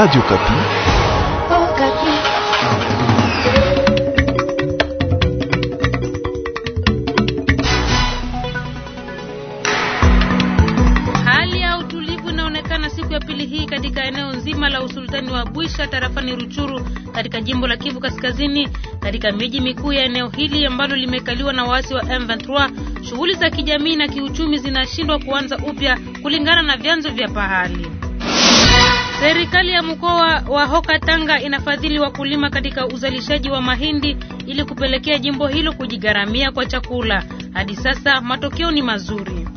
Radio Kapi. Oh, Kapi. Hali ya utulivu inaonekana siku ya pili hii katika eneo nzima la usultani wa Bwisha tarafani Ruchuru katika jimbo la Kivu Kaskazini katika miji mikuu ya eneo hili ambalo limekaliwa na waasi wa M23, shughuli za kijamii na kiuchumi zinashindwa kuanza upya kulingana na vyanzo vya pahali. Serikali ya mkoa wa Hoka Tanga inafadhili wakulima katika uzalishaji wa mahindi ili kupelekea jimbo hilo kujigaramia kwa chakula. Hadi sasa matokeo ni mazuri.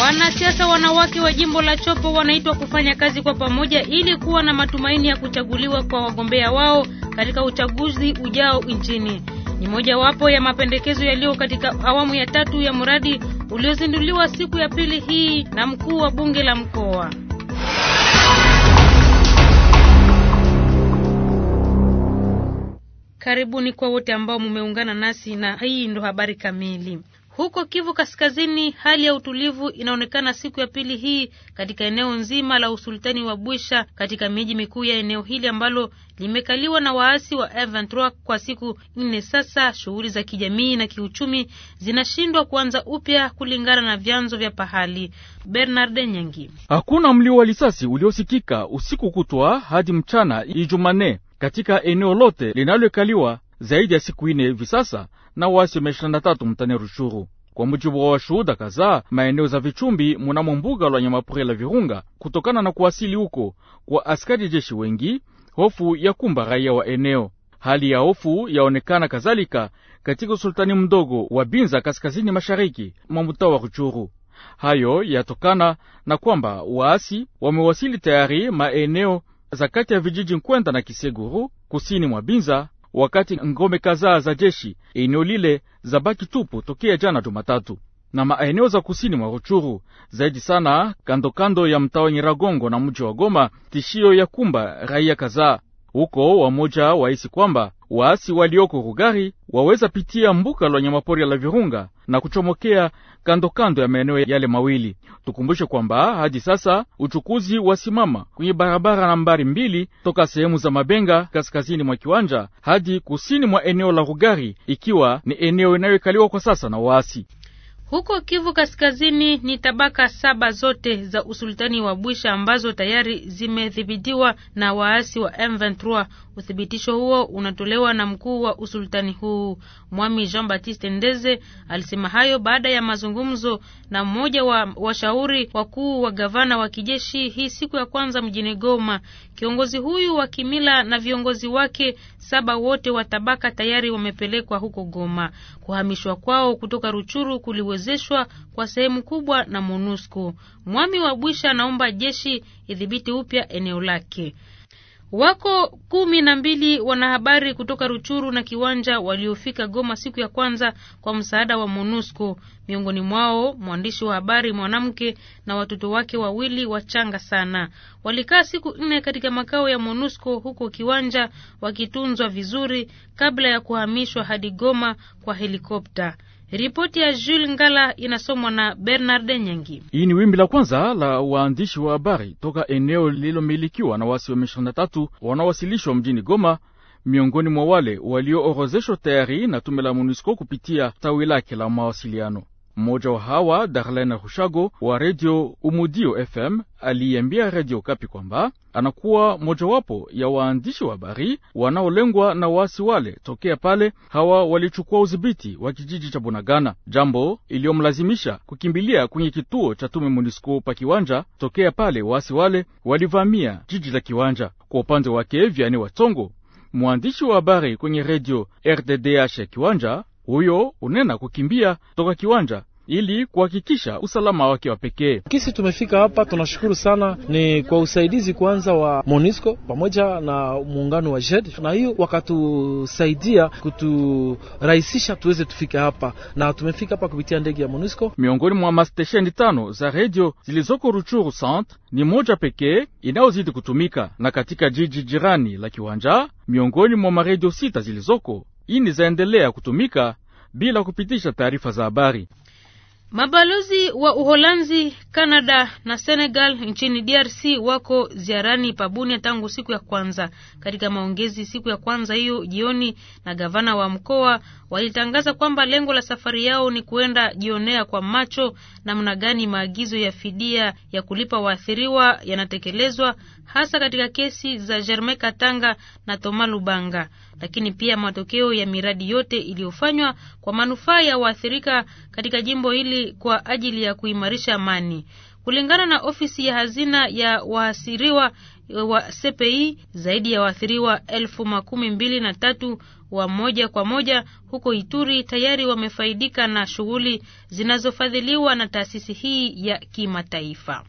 Wanasiasa wanawake wa jimbo la Chopo wanaitwa kufanya kazi kwa pamoja ili kuwa na matumaini ya kuchaguliwa kwa wagombea wao katika uchaguzi ujao nchini. Ni mojawapo ya mapendekezo yaliyo katika awamu ya tatu ya mradi uliozinduliwa siku ya pili hii na mkuu wa bunge la mkoa. Karibuni kwa wote ambao mumeungana nasi na hii ndo habari kamili. Huko Kivu Kaskazini, hali ya utulivu inaonekana siku ya pili hii katika eneo nzima la usultani wa Bwisha katika miji mikuu ya eneo hili ambalo limekaliwa na waasi wa M23 kwa siku nne sasa. Shughuli za kijamii na kiuchumi zinashindwa kuanza upya kulingana na vyanzo vya pahali. Bernard Nyangi. Hakuna mlio wa risasi uliosikika usiku kutwa hadi mchana Ijumane katika eneo lote linalokaliwa zaidi ya siku nne hivi sasa na wasi M23 mtani Rushuru. Kwa mujibu wa washuhuda kadhaa, maeneo za Vichumbi munamo mbuga lwa nyamapori la Virunga, kutokana na kuwasili huko kwa askari jeshi wengi, hofu ya kumba raia wa eneo. Hali ya hofu yaonekana kadhalika katika usultani mdogo wa Binza, kaskazini mashariki mwa mtaa wa Ruchuru. Hayo yatokana na kwamba waasi wamewasili tayari maeneo za kati ya vijiji Nkwenda na Kiseguru, kusini mwa Binza, wakati ngome kadhaa za jeshi eneo lile zabaki tupu tokea jana Jumatatu na maeneo za kusini mwa Ruchuru zaidi sana kando kando ya mtaa wa Nyiragongo na mji wa Goma, tishio ya kumba raia kadhaa huko. Wamoja wahisi kwamba waasi walioko Rugari waweza pitia mbuka la nyamapori la Virunga na kuchomokea kando kando ya maeneo yale mawili. Tukumbushe kwamba hadi sasa uchukuzi wasimama kwenye barabara nambari mbili toka sehemu za Mabenga kaskazini mwa kiwanja hadi kusini mwa eneo la Rugari, ikiwa ni eneo inayoikaliwa kwa sasa na waasi. Huko Kivu Kaskazini ni tabaka saba zote za usultani wa Bwisha ambazo tayari zimedhibitiwa na waasi wa M23. Uthibitisho huo unatolewa na mkuu wa usultani huu Mwami Jean Baptiste Ndeze. Alisema hayo baada ya mazungumzo na mmoja wa washauri wakuu wa gavana wa kijeshi hii siku ya kwanza mjini Goma. Kiongozi huyu wa kimila na viongozi wake saba wote wa tabaka tayari wamepelekwa huko Goma. Kuhamishwa kwao kutoka Ruchuru kuliweza kuwezeshwa kwa sehemu kubwa na MONUSCO. Mwami wa Bwisha anaomba jeshi idhibiti upya eneo lake. Wako kumi na mbili wanahabari kutoka Ruchuru na Kiwanja waliofika Goma siku ya kwanza kwa msaada wa MONUSCO, miongoni mwao mwandishi wa habari mwanamke na watoto wake wawili wachanga sana. Walikaa siku nne katika makao ya MONUSCO huko Kiwanja, wakitunzwa vizuri kabla ya kuhamishwa hadi Goma kwa helikopta. Ripoti ya Jules Ngala inasomwa na Bernard Nyengi. Hii ni wimbi la kwanza la waandishi wa habari toka eneo lililomilikiwa na wasi wa M23 wanaowasilishwa mjini Goma miongoni mwa wale walioorozeshwa tayari na tume la MONUSCO kupitia tawi lake la mawasiliano. Mmoja wa hawa Darlene Rushago wa redio Umudio FM aliambia redio Kapi kwamba anakuwa mojawapo ya waandishi wa habari wanaolengwa na waasi wale tokea pale hawa walichukua udhibiti wa kijiji cha Bunagana, jambo iliyomlazimisha kukimbilia kwenye kituo cha tume MONUSCO pa Kiwanja tokea pale waasi wale walivamia jiji la Kiwanja. Kwa upande wake Vyani Watongo, mwandishi wa habari kwenye redio RDDH ya Kiwanja huyo unena kukimbia toka kiwanja ili kuhakikisha usalama wake wa pekee. Kisi tumefika hapa, tunashukuru sana ni kwa usaidizi kwanza wa Monisco pamoja na muungano wa JED, na hiyo wakatusaidia kuturahisisha tuweze tufike hapa, na tumefika hapa kupitia ndege ya Monisco. Miongoni mwa mastesheni tano za redio zilizoko Ruchuru Centre ni moja pekee inayozidi kutumika, na katika jiji jirani la Kiwanja, miongoni mwa maredio sita zilizoko ini zaendelea kutumika bila kupitisha taarifa za habari. Mabalozi wa Uholanzi, Kanada na Senegal nchini DRC wako ziarani Pabunia tangu siku ya kwanza. Katika maongezi siku ya kwanza hiyo jioni na gavana wa mkoa, walitangaza kwamba lengo la safari yao ni kuenda jionea kwa macho namna gani maagizo ya fidia ya kulipa waathiriwa yanatekelezwa hasa katika kesi za Germain Katanga na thomas Lubanga, lakini pia matokeo ya miradi yote iliyofanywa kwa manufaa ya waathirika katika jimbo hili kwa ajili ya kuimarisha amani. Kulingana na ofisi ya hazina ya wahasiriwa eh, wa CPI, zaidi ya waathiriwa elfu makumi mbili na tatu wa moja kwa moja huko Ituri tayari wamefaidika na shughuli zinazofadhiliwa na taasisi hii ya kimataifa.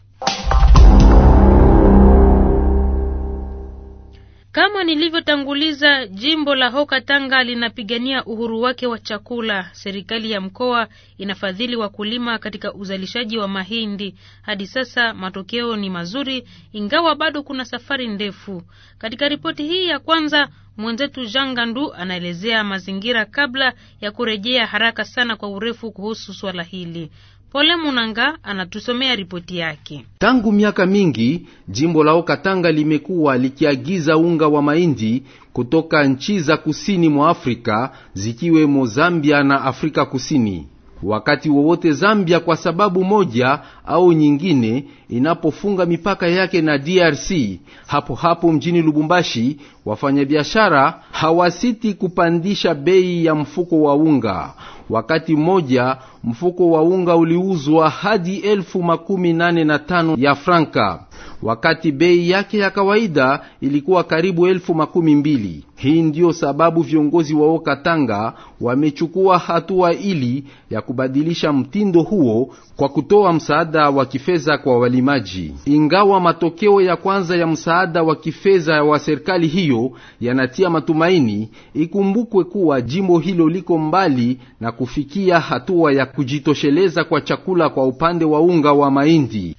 Kama nilivyotanguliza, jimbo la Hoka Tanga linapigania uhuru wake wa chakula. Serikali ya mkoa inafadhili wakulima katika uzalishaji wa mahindi. Hadi sasa matokeo ni mazuri, ingawa bado kuna safari ndefu. Katika ripoti hii ya kwanza, mwenzetu Jean Gandu anaelezea mazingira kabla ya kurejea haraka sana kwa urefu kuhusu swala hili. Pole Munanga anatusomea ripoti yake. Tangu miaka mingi jimbo la Okatanga limekuwa likiagiza unga wa mahindi kutoka nchi za kusini mwa Afrika zikiwemo Zambia na Afrika Kusini. Wakati wowote Zambia kwa sababu moja au nyingine inapofunga mipaka yake na DRC, hapo hapo mjini Lubumbashi wafanyabiashara hawasiti kupandisha bei ya mfuko wa unga. Wakati mmoja mfuko wa unga uliuzwa hadi elfu makumi nane na tano ya franka, wakati bei yake ya kawaida ilikuwa karibu elfu makumi mbili. Hii ndiyo sababu viongozi wa okatanga wamechukua hatua ili ya kubadilisha mtindo huo kwa kutoa msaada wa kifedha kwa walimaji, ingawa matokeo ya kwanza ya msaada wa kifedha wa serikali hiyo yanatia matumaini. Ikumbukwe kuwa jimbo hilo liko mbali na kufikia hatua ya kujitosheleza kwa chakula kwa upande wa unga wa mahindi.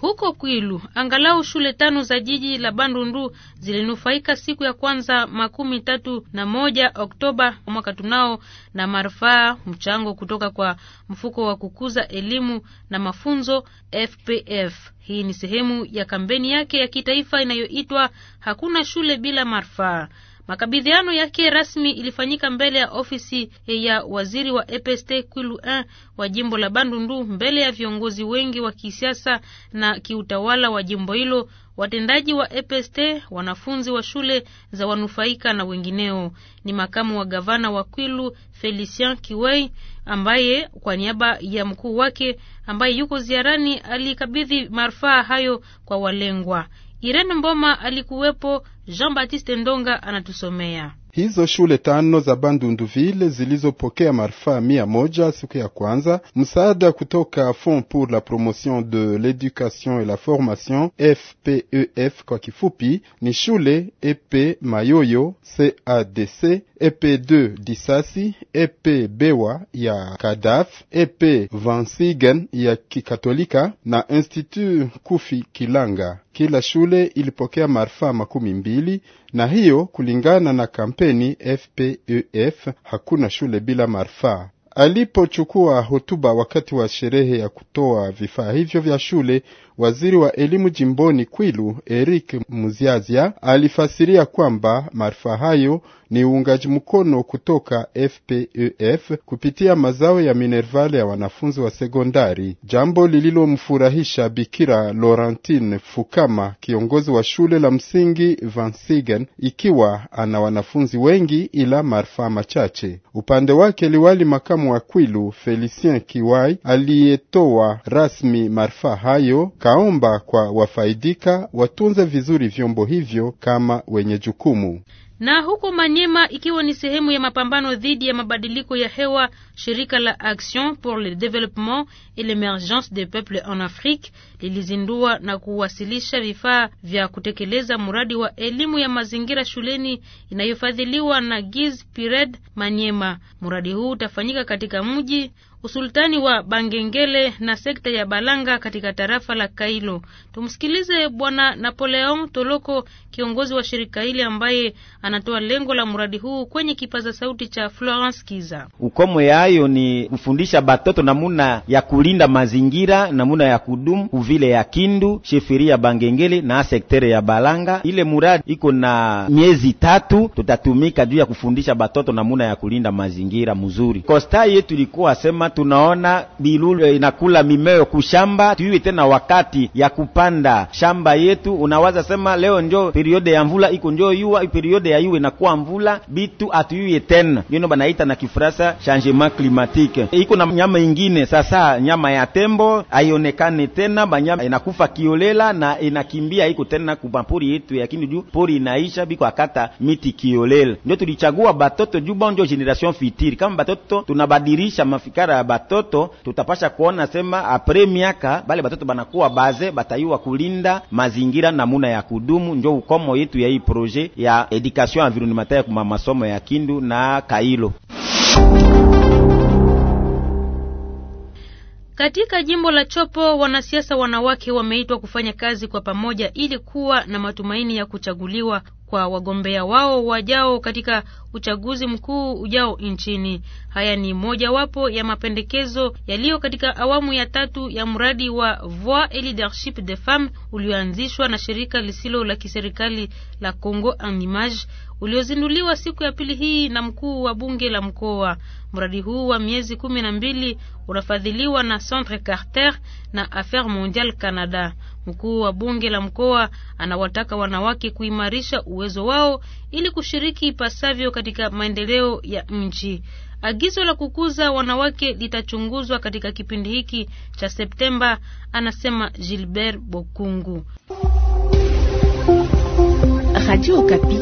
Huko Kwilu angalau shule tano za jiji la Bandundu zilinufaika siku ya kwanza makumi tatu na moja Oktoba mwaka tunao na marufaa mchango kutoka kwa mfuko wa kukuza elimu na mafunzo FPF. Hii ni sehemu ya kampeni yake ya kitaifa inayoitwa hakuna shule bila marufaa. Makabidhiano yake rasmi ilifanyika mbele ya ofisi ya waziri wa EPST Kwilu 1 wa jimbo la Bandundu, mbele ya viongozi wengi wa kisiasa na kiutawala wa jimbo hilo, watendaji wa EPST, wanafunzi wa shule za wanufaika na wengineo. Ni makamu wa gavana wa Kwilu Felicien Kiwei ambaye kwa niaba ya mkuu wake ambaye yuko ziarani alikabidhi marfaa hayo kwa walengwa. Irene Mboma alikuwepo. Jean Baptiste Ndonga anatusomea. Hizo shule tano za Bandunduville zilizopokea marfaa mia moja siku ya kwanza msaada kutoka Fond pour la promotion de l'education et la formation FPEF e kwa kifupi, ni shule EP Mayoyo, CADC, EP2 Disasi, EP Bewa ya Kadaf, EP Vansigen ya Kikatolika na Institut Kufi Kilanga. Kila shule ilipokea marfaa makumi mbili, na hiyo kulingana na kampeni FPEF, hakuna shule bila marfaa. Alipochukua hotuba wakati wa sherehe ya kutoa vifaa hivyo vya shule, Waziri wa elimu jimboni Kwilu Eric Muziazia alifasiria kwamba maarifa hayo ni uungaji mkono kutoka FPEF kupitia mazao ya Minerval ya wanafunzi wa sekondari, jambo lililomfurahisha Bikira Laurentine Fukama, kiongozi wa shule la msingi Vansigen, ikiwa ana wanafunzi wengi ila maarifa machache. Upande wake liwali makamu wa Kwilu Felicien Kiwai aliyetoa rasmi maarifa hayo akaomba kwa wafaidika watunze vizuri vyombo hivyo kama wenye jukumu. Na huko Manyema, ikiwa ni sehemu ya mapambano dhidi ya mabadiliko ya hewa, shirika la Action pour le Développement et l'Emergence des Peuples en Afrique lilizindua na kuwasilisha vifaa vya kutekeleza mradi wa elimu ya mazingira shuleni inayofadhiliwa na Giz Pired Manyema. Mradi huu utafanyika katika mji usultani wa Bangengele na sekta ya Balanga katika tarafa la Kailo. Tumsikilize Bwana Napoleon Toloko, kiongozi wa shirika hili ambaye anatoa lengo la mradi huu kwenye kipaza sauti cha Florence Kiza. Ukomo yayo ni kufundisha batoto namuna ya kulinda mazingira, namuna ya kudumu kuvile ya Kindu, ya Bangengele na sektere ya Balanga. Ile muradi iko na miezi tatu, tutatumika juu ya kufundisha batoto namuna ya kulinda mazingira mzuri. Kosta yetu ilikuwa sema tunaona bilulu inakula mimeo kushamba, tuyuwe tena wakati ya kupanda shamba yetu. Unawaza sema leo njo periode ya mvula iko njo yuwa periode ya yuwe inakuwa mvula, bitu atuyuye tena, ndio banaita na kifurasa changement climatique. Iko na nyama ingine sasa, nyama ya tembo aionekane tena, banyama inakufa kiolela na inakimbia, iko tena kubampuri yetu, lakini juu pori inaisha biko akata miti kiolela. Ndio tulichagua batoto juu bonjo generation fitiri, kama batoto tunabadilisha mafikara ya batoto, tutapasha kuona sema apre miaka bale batoto banakuwa baze bataiwa kulinda mazingira namuna ya kudumu. Njo ukomo yetu ya hii proje ya education environnementale kuma masomo ya Kindu na Kailo. Katika jimbo la Chopo wanasiasa wanawake wameitwa kufanya kazi kwa pamoja ili kuwa na matumaini ya kuchaguliwa kwa wagombea wao wajao katika uchaguzi mkuu ujao nchini. Haya ni mojawapo ya mapendekezo yaliyo katika awamu ya tatu ya mradi wa Voix et Leadership des Femmes ulioanzishwa na shirika lisilo la kiserikali la Congo en Image uliozinduliwa siku ya pili hii na mkuu wa bunge la mkoa. Mradi huu wa miezi kumi na mbili unafadhiliwa na Centre Carter na Affaires Mondiales Canada. Mkuu wa bunge la mkoa anawataka wanawake kuimarisha uwezo wao ili kushiriki ipasavyo katika maendeleo ya nchi Agizo la kukuza wanawake litachunguzwa katika kipindi hiki cha Septemba, anasema Gilbert Bokungu. Radio Okapi.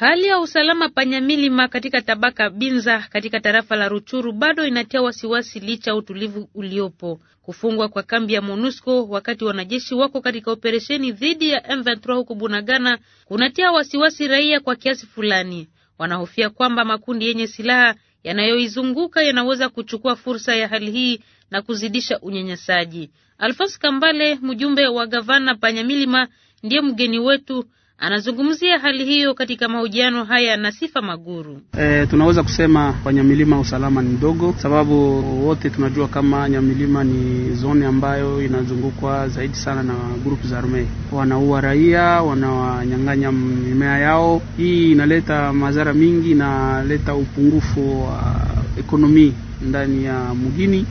Hali ya usalama panyamilima katika tabaka Binza katika tarafa la Ruchuru bado inatia wasiwasi licha utulivu uliopo. Kufungwa kwa kambi ya MONUSCO wakati wanajeshi wako katika operesheni dhidi ya M23 huko Bunagana kunatia wasiwasi raia kwa kiasi fulani. Wanahofia kwamba makundi yenye silaha yanayoizunguka yanaweza kuchukua fursa ya hali hii na kuzidisha unyanyasaji. Alfonso Kambale, mjumbe wa gavana Panyamilima, ndiye mgeni wetu Anazungumzia hali hiyo katika mahojiano haya na Sifa Maguru. E, tunaweza kusema kwa Nyamilima usalama ni mdogo, sababu wote tunajua kama Nyamilima ni zone ambayo inazungukwa zaidi sana na grupu za arme Wanaua raia, wanawanyang'anya mimea yao. Hii inaleta madhara mingi, inaleta upungufu wa ekonomi ndani ya mugini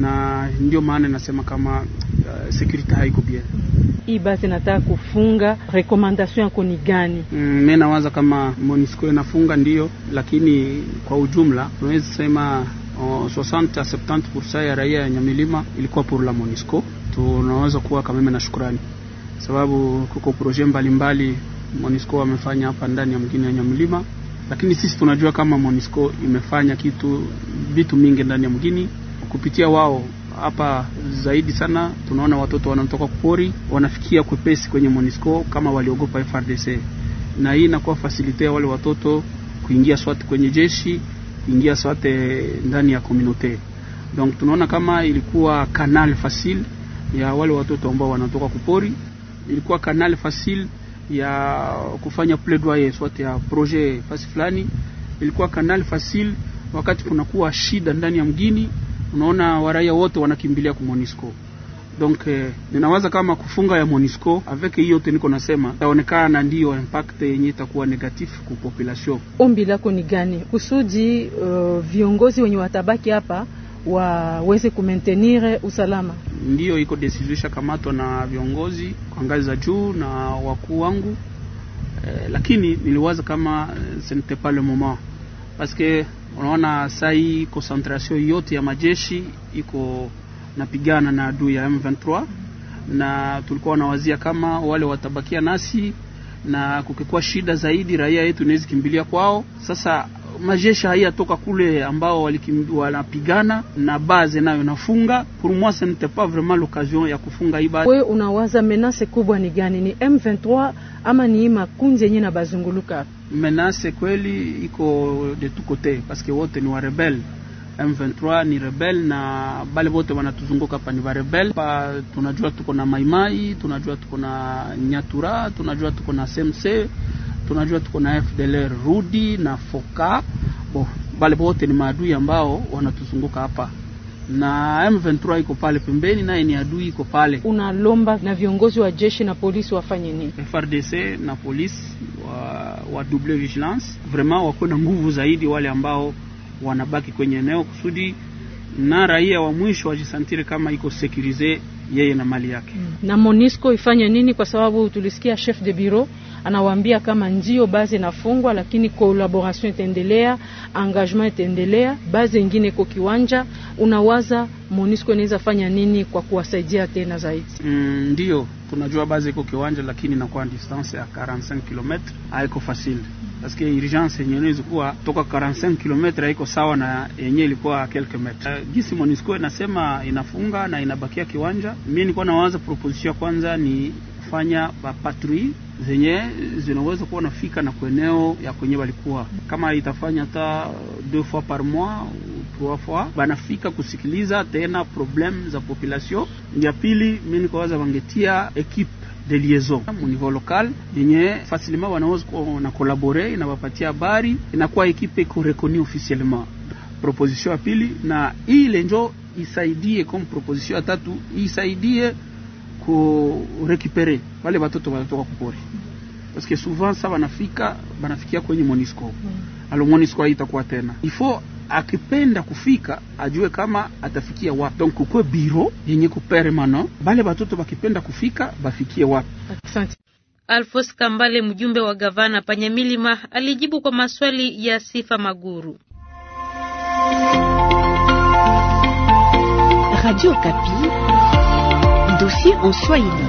na ndio maana nasema kama uh, security haiko bien. Hii basi nataka kufunga, recommendation yako ni gani? Mm, mimi mm, nawaza kama Monisco inafunga ndio, lakini kwa ujumla tunaweza sema uh, 60 70% ya raia ya Nyamilima ilikuwa pour la Monisco. Tunaweza kuwa kameme na shukrani, sababu kuko projet mbalimbali Monisco wamefanya hapa ndani ya mgini ya Nyamilima, lakini sisi tunajua kama Monisco imefanya kitu vitu mingi ndani ya mgini kupitia wao hapa zaidi sana tunaona watoto wanatoka kupori wanafikia kwepesi kwenye Monisco kama waliogopa FRDC, na hii inakuwa fasilitea wale watoto kuingia swati kwenye jeshi, kuingia swati eh, ndani ya komunote. Donc tunaona kama ilikuwa kanal fasil ya wale watoto ambao wanatoka kupori, ilikuwa kanal fasil ya kufanya plaidoyer swati ya projet fasi fulani, ilikuwa kanal fasil wakati kunakuwa shida ndani ya mgini unaona waraia wote wanakimbilia ku Monisco. Donc eh, ninawaza kama kufunga ya Monisco avec hiyo yote niko nasema itaonekana ndiyo impact yenye itakuwa negatif ku population. Ombi lako ni gani kusudi uh, viongozi wenye watabaki hapa waweze kumaintenir usalama? Ndiyo iko decision shakamatwa na viongozi kwa ngazi za juu na wakuu wangu eh, lakini niliwaza kama eh, ce n'était pas le moment paske unaona sai concentration yote ya majeshi iko napigana na adui ya M23 na tulikuwa nawazia kama wale watabakia nasi na kukikuwa shida zaidi, raia yetu inaweza kimbilia kwao. Sasa majeshi hayatoka kule ambao wanapigana na baze nayo nafunga pour moi ce n'était pas vraiment l'occasion ya kufunga hii baze. Wewe unawaza menace kubwa ni gani? Ni M23 ama ni makundi yenye na bazunguluka menace kweli iko de tu kote paske wote ni wa rebel M23 ni rebel na bale bote wanatuzunguka hapa ni warebel pa. Tunajua tuko na maimai, tunajua tuko na nyatura, tunajua tuko na semse, tunajua tuko na FDLR rudi na foka bo, bale bote ni maadui ambao wanatuzunguka hapa na M23 iko pale pembeni, naye ni adui iko pale. Unalomba na viongozi wa jeshi na polisi wafanye nini? FRDC na polisi wa, wa double vigilance vraiment wako na nguvu zaidi, wale ambao wanabaki kwenye eneo kusudi na raia wa mwisho wajisantiri kama iko sekurize yeye na mali yake. Mm. Na Monisco ifanye nini? Kwa sababu tulisikia chef de bureau anawaambia kama ndio base inafungwa, lakini collaboration itaendelea, engagement itaendelea, base ingine iko kiwanja unawaza MONUSCO inaweza fanya nini kwa kuwasaidia tena zaidi? Mm, ndio, mm, tunajua bazi iko kiwanja, lakini inakuwa distance ya 45 km haiko fasili paske urgence yenyewe ilikuwa toka 45 km haiko sawa na yenyewe ilikuwa quelques metres. Uh, gisi MONUSCO inasema inafunga na inabakia kiwanja. Mimi nilikuwa nawaza proposition ya kwanza ni fanya patrouille zenye zinaweza kuwa nafika na kweneo ya kwenye walikuwa, kama itafanya hata deux fois par mois trois fois banafika kusikiliza tena problem za population. Ya pili mimi nikawaza wangetia equipe de liaison niveau local yenye facilement wanaweza na kolabore, inawapatia habari, inakuwa ekipe iko reconnu officiellement. Proposition ya pili na ile njo isaidie comme proposition ya tatu isaidie ku récupérer wale watoto wanatoka kupori parce que souvent ça banafika banafikia kwenye Monisco, mm. alo Monisco haitakuwa tena il faut akipenda kufika ajue kama atafikia wapi. Donc kukwe biro yenye kupermanent bale batoto bakipenda kufika bafikie wapi. Asante. Alfos Kambale, mjumbe wa gavana Panyamilima, alijibu kwa maswali ya Sifa Maguru. Radio Kapi, dossier en Swahili.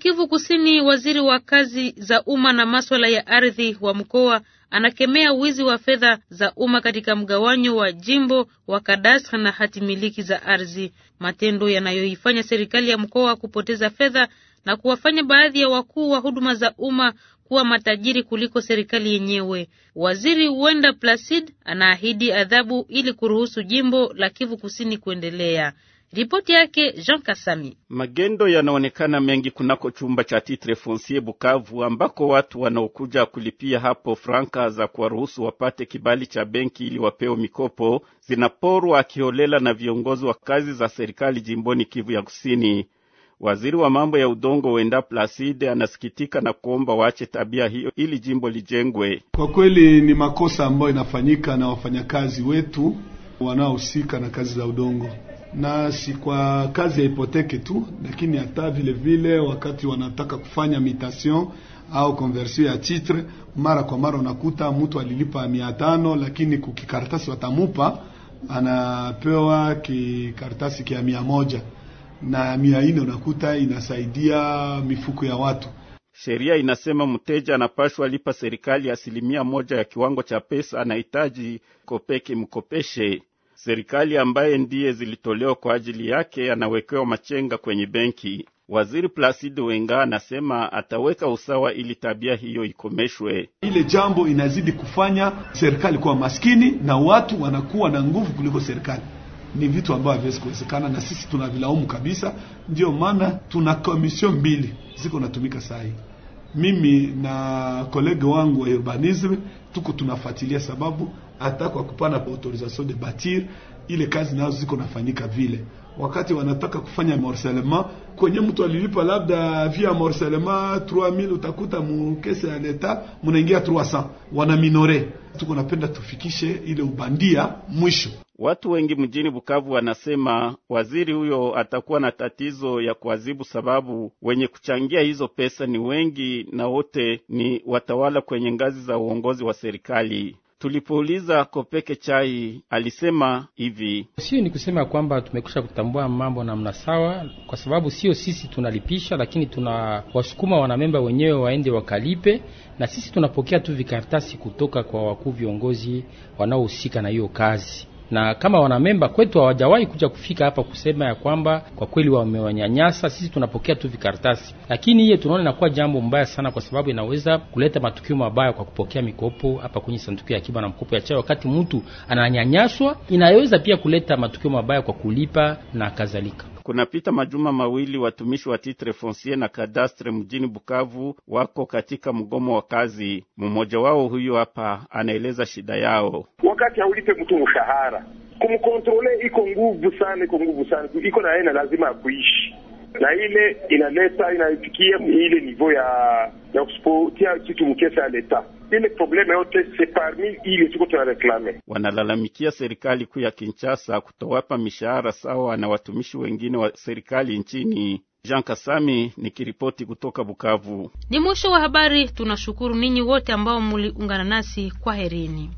Kivu Kusini, waziri wa kazi za umma na maswala ya ardhi wa mkoa anakemea wizi wa fedha za umma katika mgawanyo wa jimbo wa kadastre na hati miliki za ardhi, matendo yanayoifanya serikali ya mkoa kupoteza fedha na kuwafanya baadhi ya wakuu wa huduma za umma kuwa matajiri kuliko serikali yenyewe. Waziri Wenda Placid anaahidi adhabu ili kuruhusu jimbo la Kivu Kusini kuendelea. Ripoti yake Jean Kasami. Magendo yanaonekana mengi kunako chumba cha titre foncier Bukavu, ambako watu wanaokuja kulipia hapo franka za kuwaruhusu wapate kibali cha benki ili wapewe mikopo zinaporwa akiolela na viongozi wa kazi za serikali jimboni Kivu ya Kusini. Waziri wa mambo ya udongo Wenda Placide anasikitika na kuomba waache tabia hiyo ili jimbo lijengwe. Kwa kweli ni makosa ambayo inafanyika na wafanyakazi wetu wanaohusika na kazi za udongo na si kwa kazi ya hipoteke tu, lakini hata vile vile wakati wanataka kufanya mitation au conversion ya titre, mara kwa mara unakuta mtu alilipa mia tano, lakini kukikaratasi watamupa anapewa kikaratasi kia mia moja na mia nne, unakuta inasaidia mifuko ya watu. Sheria inasema mteja anapashwa lipa serikali asilimia moja ya kiwango cha pesa anahitaji kopeki mkopeshe serikali ambaye ndiye zilitolewa kwa ajili yake anawekewa machenga kwenye benki. Waziri Placido Wenga anasema ataweka usawa ili tabia hiyo ikomeshwe. Ile jambo inazidi kufanya serikali kuwa maskini na watu wanakuwa na nguvu kuliko serikali. Ni vitu ambavyo haviwezi kuwezekana, na sisi tunavilaumu kabisa. Ndiyo maana tuna komisio mbili ziko natumika saa hii mimi na kolege wangu wa urbanisme tuko tunafuatilia, sababu hata kwa kupana autorisation de batir ile kazi nazo ziko nafanyika vile, wakati wanataka kufanya morcelema kwenye mtu alilipa labda via morcelema 3000 utakuta mukese ya leta munaingia 300 wana minore. Tuko napenda tufikishe ile ubandia mwisho. Watu wengi mjini Bukavu wanasema waziri huyo atakuwa na tatizo ya kuadhibu, sababu wenye kuchangia hizo pesa ni wengi na wote ni watawala kwenye ngazi za uongozi wa serikali. Tulipouliza Kopeke Chai alisema hivi: sio ni kusema kwamba tumekusha kutambua mambo namna sawa, kwa sababu sio sisi tunalipisha, lakini tunawasukuma wanamemba wenyewe waende wakalipe, na sisi tunapokea tu vikaratasi kutoka kwa wakuu viongozi wanaohusika na hiyo kazi na kama wanamemba kwetu hawajawahi kuja kufika hapa kusema ya kwamba kwa kweli wamewanyanyasa. Sisi tunapokea tu vikaratasi, lakini hiyo tunaona inakuwa jambo mbaya sana, kwa sababu inaweza kuleta matukio mabaya kwa kupokea mikopo hapa kwenye sanduku ya akiba na mkopo ya chai. Wakati mtu ananyanyaswa, inaweza pia kuleta matukio mabaya kwa kulipa na kadhalika. Kunapita majuma mawili watumishi wa titre foncier na kadastre mjini Bukavu wako katika mgomo wa kazi. Mmoja wao huyu hapa anaeleza shida yao. Wakati haulipe mtu mshahara, kumkontrole iko nguvu sana, iko nguvu sana, iko na yeye na lazima akuishi na ile inaleta inafikia ile niveau ya ya kusipotia kitu mkesa ya leta ile probleme yote se parmi ile tuko reklame Wanalalamikia serikali kuu ya Kinshasa kutowapa mishahara sawa na watumishi wengine wa serikali nchini. Jean Kasami nikiripoti kutoka Bukavu. Ni mwisho wa habari. Tunashukuru ninyi wote ambao muliungana nasi, kwa herini.